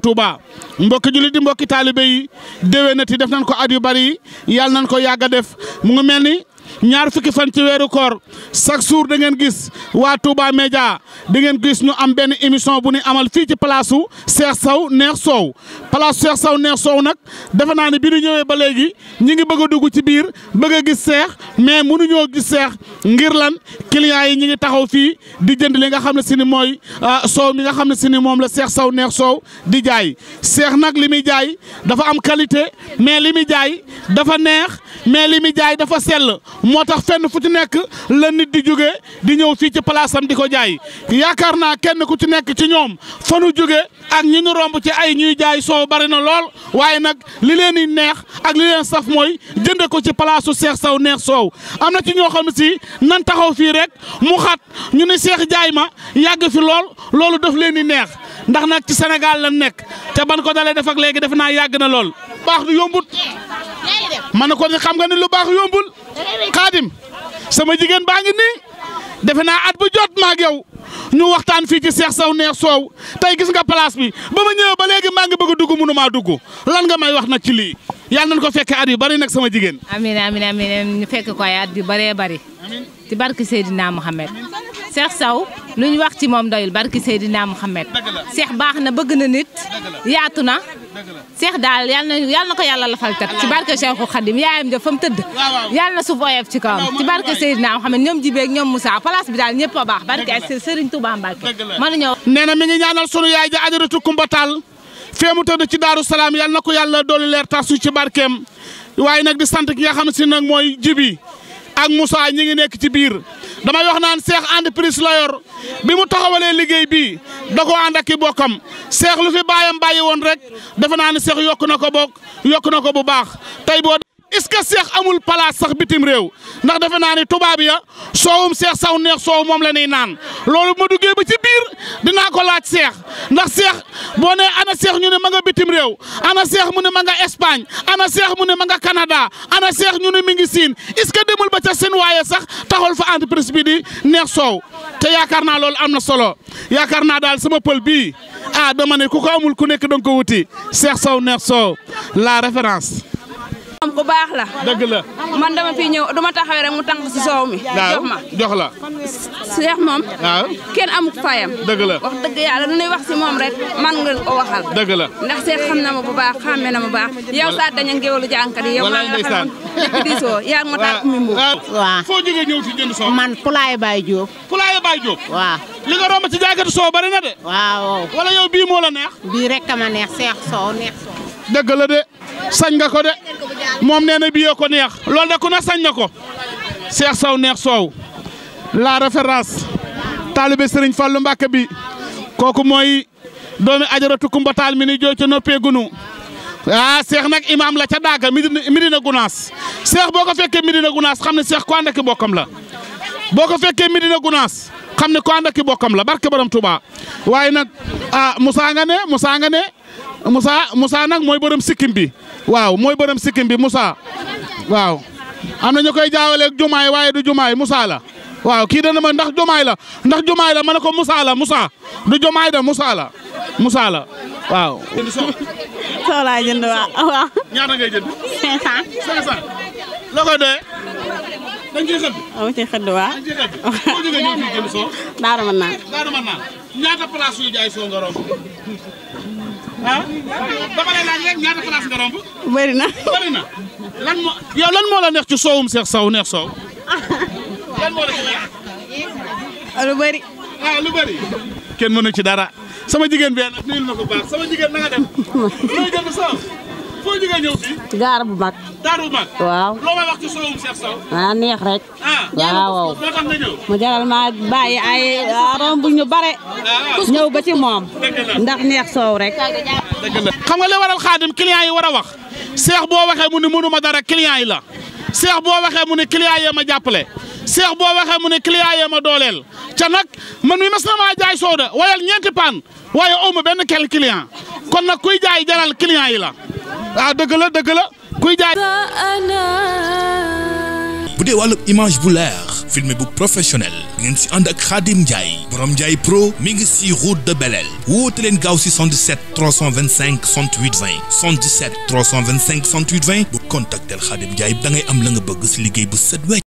Touba mbokki jullit di mbokki taalibe yi déwénati def nañ ko at yu bari yal nañ ko yàgg a def mu ngi mel ni ñaar fukki fan ci weeru koor chaque jour da ngeen gis waa Touba Média da ngeen gis ñu am benn émission bu ñu amal fii ci place u Cheikh Sow Neex Soow place Cheikh Sow Neex Soow nag dafa naa ne bi ñu ñëwee ba léegi ñi ngi bëgg a dugg ci biir bëgg a gis seex mais mënuñoo gis seex ngir lan clients yi ñi ngi taxaw fii di jënd li nga xam ne si ni mooy euh, soow mi nga xam ne si ni moom la Cheikh saw Neex Soow di jaay seex nag li muy jaay dafa am qualité mais li muy jaay dafa neex mais li muy jaay dafa sell moo tax fenn fu ci nekk la nit di jóge di ñëw fii ci place am di ko jaay yaakaar naa kenn ku ci nekk ci ñoom fa nu jógee ak ñi ñu romb ci ay ñuy jaay soow bari na lool waaye nag li leen di neex ak li saf mooy jënde ko ci palaasu su saw neex soow am na ci ñoo xam si nan taxaw fii rek mu xat ñu ne Cheikh jaay ma yàgg fi lool loolu daf leen di neex ndax nag ci Sénégal lan nekk te ban ko dalee def ak léegi def naa yàgg na lool baax bi yombut man na ko ni xam nga ni lu baax yombul xaadim sama jigéen baa ngi nii defe naa at bu jot maag yow ñu waxtaan fii ci seex saw neex soow tey gis nga place bi ba ma ñëwee ba léegi maa ngi bëgg dugg mënu maa dugg lan nga may wax na ci lii yàlla nañ ko fekke at yu bari nag sama jigéen. amiin amiin amiin ñu ko ay at yu bëree bëri. ci barke naa Mohamed. Cheikh Sow lu ñu wax ci moom doyul barki Seydina Mouhamed seex baax na bëgg na nit yaatu na seex daal yal na yal ko yàlla lafal cat ci barke Cheikhou Khadim yaayam ja fa mu tëdd yal na suuf oyof ci kawam ci barke Seydina Mouhamed ñoom jibeeg ñoom Moussa place bi daal ñëpp a baax barke Serigne Touba Mbacke mënu ñëw nee na mi ngi ñaanal sunu yaay ja ajaratu Kumba Tall fee mu tëdd ci Daaru yal na ko yàlla doolu leer tasu ci barkeem waaye nag di sant ki nga xam si nag mooy jibi ak Moussa ñi ngi nekk ci biir damay wax naan seex entreprise la yor bi mu taxawalee liggéey bii da ko ànd ak i bokkam seex lu fi baayam bàyyi woon rek defe naa ne seex yokk na ko bokk yokk na ko bu baax tey boo est-ce que seex amul place sax bitim réew ndax defe naa ni tubaab ya soowum seex saw neex soow moom la ñuy naan loolu ma duggee ba ci biir dinaa ko laaj seex ndax seex boo nee ana seex ñu ne ma bitim réew ana seex mu ne ma nga Espagne ana seex mu ne ma nga Canada ana seex ñu ne mi ngi siin est-ce que demul ba ca seen waaye sax taxul fa entreprise bi di neex soow te yaakaar naa loolu am na solo yaakaar naa daal sama pël bii ah dama ne ku ko amul ku nekk danga ko wuti seex saw neex soow la référence. moom ku baax la. dëgg la man dama fi ñëw duma rek mu soow mi. jox ma jox la. Cheikh moom. waaw kenn amuk fayam. dëgg la wax dëgg yàlla lu wax si moom rek man nga ko waxal. dëgg la ndax Cheikh xam na ma bu baax xàmme na ma bu yow saa dañu ngéwélu jànkat yow maa ngi xam diisoo yaa ma tànk mi mbuur. waaw foo jógee ñëw si jënd soow. man Poulaye Baye Diop. Poulaye Baye Diop. waaw. li nga romb ci soow bari na de. waaw wala yow la neex. rek ka ma neex Cheikh soow neex soow. la de sañ nga ko de moom nee na biyee ko neex loolu na ko na sañ na ko Cheikh Sow neex soow la référence taalibe fal Fallou Mbacke bi kooku mooy doomi ajaratu Kumba Taal mi ni jooy ca noppee gunu ah seex nag imaam la ca daaga na Gunaas seex boo ko fekkee na Gunaas xam ne seex ku ànd ak i bokkam la boo ko fekkee Medina Gunaas xam ne ko ànd ak i bokkam la barke borom Touba waaye nag ah Moussa ne Moussa ne Moussa Moussa nag mooy borom sikkim bi waaw mooy bërëm sikkim bi Moussa waaw am na ñu koy jaawale ak jumaay waaye du jumaay Moussa la waaw kii dana ma ndax jumaay la ndax jumaay la ma ne ko Moussa la Moussa du jumaay da la Moussa la waaw. soo laa jënd waaw waaw. ñaata ngay jënd. 500. 500 loo koy doyee. dañ ciy ah dama lay laaj rek lan moo neex ci soowum seex Sow neex soow. alu moo la ci ah, ah, kenn mënu ci dara. sama jigéen benn ko baax sama jigéen na gaar bu mag. gaar bu mag. waaw loo ci soowum Cheikh ah, jaral ma bàyyi ay romb ñu bare. ñëw ba moom. ndax neex soow rek. xam nga li waral xaadim client yi war a wax seex boo waxee mu ne mënuma dara client yi la seex boo waxee mu ne client yee ma jàppale seex boo waxee mu ne client yee ma dooleel ca nag man mi mas na maa jaay sooda wayal ñeenti paan waaye aw ma benn kel client kon nag kuy jaay jaral client yi la waaw dëgg la dëgg la kuy jaay bu dee wàllu image bu leer filmé bu professionnel ngeen si ànd ak Khadim Ndiaye borom Ndiaye pro mi ngi si route de Belel woote leen gaaw si 77 325 68 20 77 325 68 20 bu contactel Khadim Ndiaye da am la nga bëgg si liggéey bu set wecc